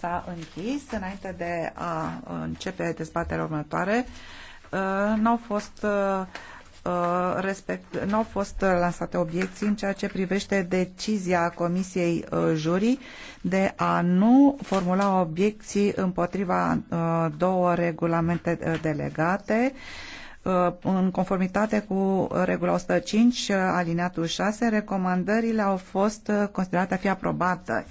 s-a închis. Înainte de a începe dezbaterea următoare, uh, n-au fost uh, uh, respect, n-au fost lansate obiecții în ceea ce privește decizia Comisiei Jurii de a nu formula obiecții împotriva două regulamente delegate în conformitate cu regula 105 alineatul 6, recomandările au fost considerate a fi aprobate.